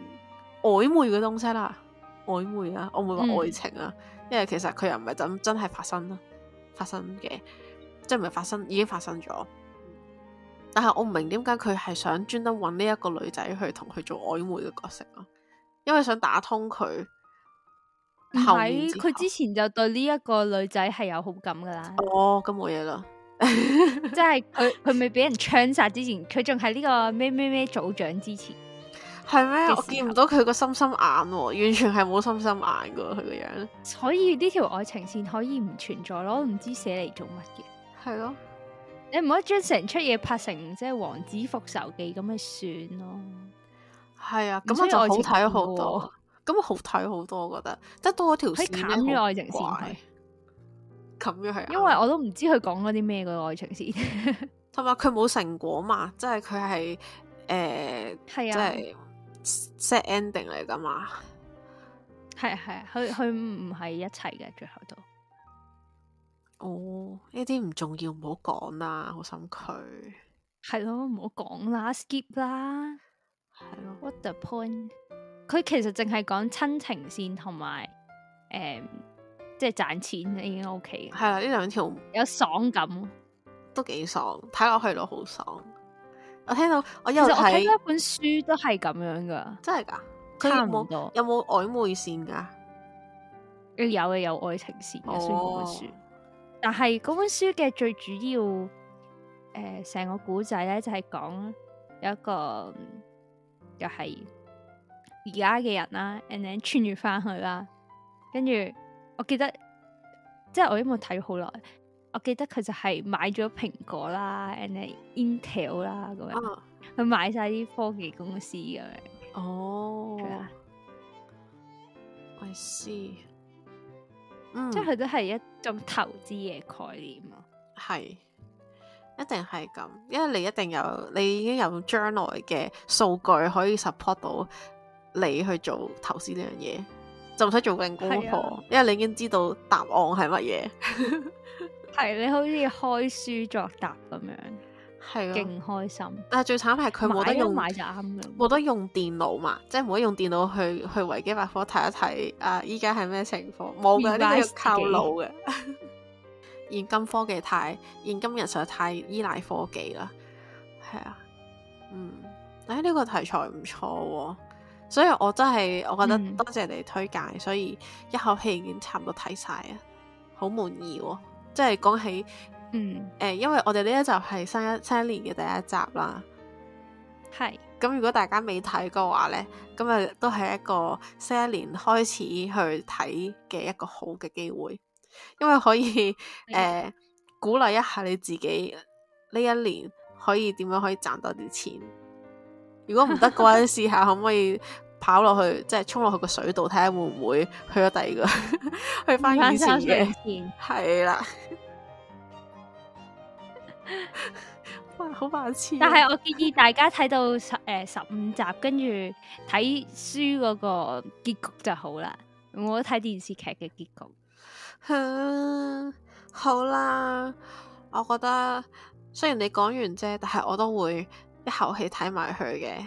曖昧嘅東西啦、啊，曖昧啊，曖昧或愛情啊，因為其實佢又唔係咁真係發生啦。發生嘅，即係唔係發生，已經發生咗。但係我唔明點解佢係想專登揾呢一個女仔去同佢做曖昧嘅角色咯、啊，因為想打通佢。喺佢之前就對呢一個女仔係有好感噶啦。哦，咁冇嘢啦。 即係佢，佢未俾人槍殺之前，佢仲係呢個咩咩咩組長之前。係咩？我見唔到佢個心心眼，喔，完全係冇心心眼噶佢個樣。所以呢條愛情線可以唔存在咯，唔知寫嚟做乜嘢。係咯，啊，你唔可以將成出嘢拍成即係《王子復仇記》咁咪算咯。係啊，咁就好睇好多。咁，啊、好睇好多，我覺得，得到多咗條線。砍咗愛情線佢，砍咗係。因為我都唔知佢講咗啲咩嘅愛情線，同埋佢冇成果嘛，即係佢係誒、係、呃、啊，即係、就是。就是 set ending 嚟噶嘛？係啊係啊，佢佢唔係一齊嘅最後都哦，呢啲唔重要，唔好講啦，好心佢係咯，唔好講啦，skip 啦，係咯的，What the point？佢其實淨係講親情線同埋誒，即係賺錢已經 OK 嘅係啦，呢兩條有爽感，都幾爽，睇落去都好爽。我聽到，我又睇。其實我睇一本書都係咁樣噶。真係噶，差唔多。有冇曖昧線噶？有嘅，有愛情線嘅，雖然嗰本書，但係嗰本書嘅最主要，誒、呃，成個古仔咧就係講有一個，又係而家嘅人啦、啊、，and then 穿越翻去啦，跟住我記得，即係我因為睇好耐。我記得佢就係買咗蘋果啦，and Intel 啦咁樣，佢、啊、買晒啲科技公司咁樣。哦，I see，嗎、嗯、即係佢都係一種投資嘅概念啊。係，一定係咁，因為你一定有你已經有將來嘅數據可以 support 到你去做投資呢樣嘢，就唔使做緊功課，啊、因為你已經知道答案係乜嘢。 係你好似開書作答咁樣，係啊，勁開心。但係最慘係佢冇得用買，、啊、買就啱冇得用電腦嘛，即係唔可以用電腦去去維基百科睇一睇。誒、啊，依家係咩情況？冇噶，呢啲要靠腦嘅。 現今科技太現今人實在太依賴科技啦，係啊，嗯，誒、哎，呢、這個題材唔錯、啊，所以我真係我覺得多謝，謝你推介，嗯、所以一口氣已經差唔多睇晒啊，好滿意。即係講起，嗯，誒，因為我哋呢一集係新一新一年嘅第一集啦，係是。咁如果大家未睇過嘅話咧，咁啊都係一個新一年開始去睇嘅一個好嘅機會，因為可以誒的、呃、鼓勵一下你自己呢一年可以點樣可以賺多啲錢。如果唔得嘅話，試 下可唔可以？跑落去，即係沖落去個水度，睇下會唔會去咗第二個， 去翻以前嘅，係啦， 哇，好怕黐。但係我建議大家睇到十誒、呃、十五集，跟住睇書嗰個結局就好啦。我睇電視劇嘅結局、嗯，好啦。我覺得雖然你講完啫，但係我都會一口氣睇埋佢嘅。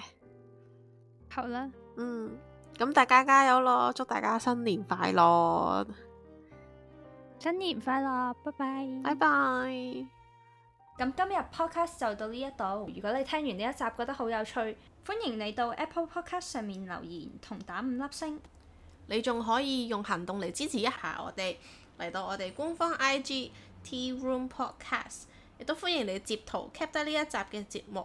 好啦。嗯，咁大家加油咯！祝大家新年快樂，新年快樂，拜拜，拜拜。咁今日 podcast 就到呢一度。如果你聽完呢一集覺得好有趣，歡迎你到 Apple Podcast 上面留言同打五粒星。你仲可以用行動嚟支持一下我哋，嚟到我哋官方 IG Tea Room Podcast，亦都歡迎你截圖 Keep 得呢一集嘅節目。